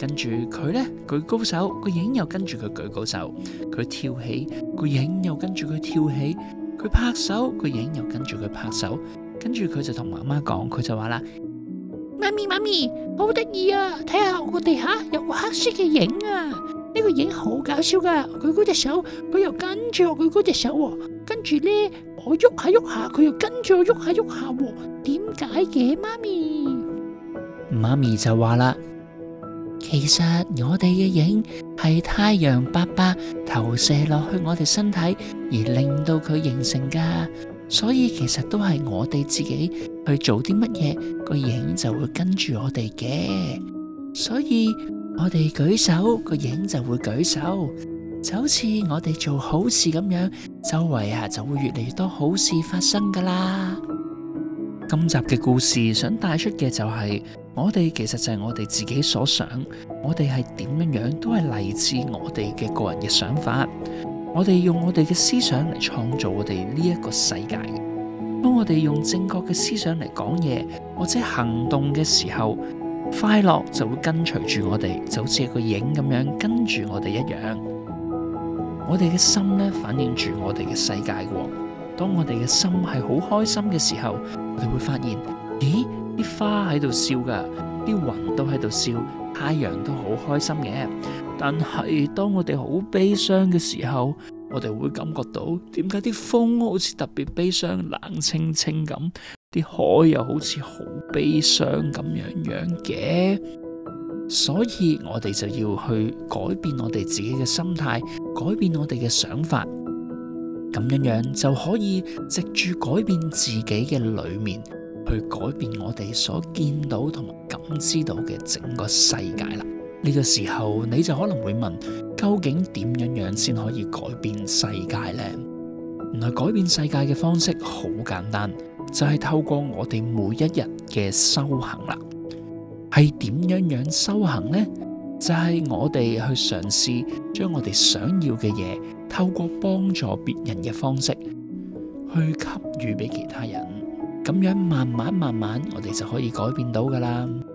跟住佢咧，舉高手，個影又跟住佢舉高手。佢跳起，個影又跟住佢跳起。佢拍手，個影又跟住佢拍手。跟住佢就同媽媽講，佢就話啦：媽咪，媽咪，好得意啊！睇下我個地下有個黑色嘅影啊！呢、這個影好搞笑噶，佢嗰隻手佢又跟住我佢嗰隻手啊。跟住呢，我喐下喐下，佢又跟住我喐下喐下。點解嘅，媽咪？媽咪就話啦。其實我哋嘅影係太陽伯伯投射落去我哋身體而令到佢形成噶，所以其實都係我哋自己去做啲乜嘢，個影就會跟住我哋嘅。所以我哋舉手，個影就會舉手，就好似我哋做好事咁樣，周圍啊就會越嚟越多好事發生噶啦。今集嘅故事想帶出嘅就係，是。我哋其實就係我哋自己所想，我哋係點樣樣都係嚟自我哋嘅個人嘅想法。我哋用我哋嘅思想嚟創造我哋呢一個世界嘅。當我哋用正確嘅思想嚟講嘢或者行動嘅時候，快樂就會跟隨住我哋，就好似一個影咁樣跟住我哋一樣。我哋嘅心呢，反映住我哋嘅世界，哦。當我哋嘅心係好開心嘅時候，我哋會發現，咦？啲花喺度笑㗎，啲雲都喺度笑，太陽都好開心嘅。但係當我哋好悲傷嘅時候，我哋會感覺到點解啲風好似特別悲傷，冷清清咁，啲海又好似好悲傷咁樣樣嘅。所以我哋就要去改變我哋自己嘅心態，改變我哋嘅想法，咁樣樣就可以藉住改變自己嘅裏面。去改變我哋所見到同埋感知到嘅整個世界啦！呢個時候你就可能會問：究竟點樣樣先可以改變世界呢？原來改變世界嘅方式好簡單，就係透過我哋每一日嘅修行啦。係點樣樣修行呢？就係我哋去嘗試將我哋想要嘅嘢，透過幫助別人嘅方式去給予俾其他人。咁樣慢慢慢慢，我哋就可以改變到㗎喇。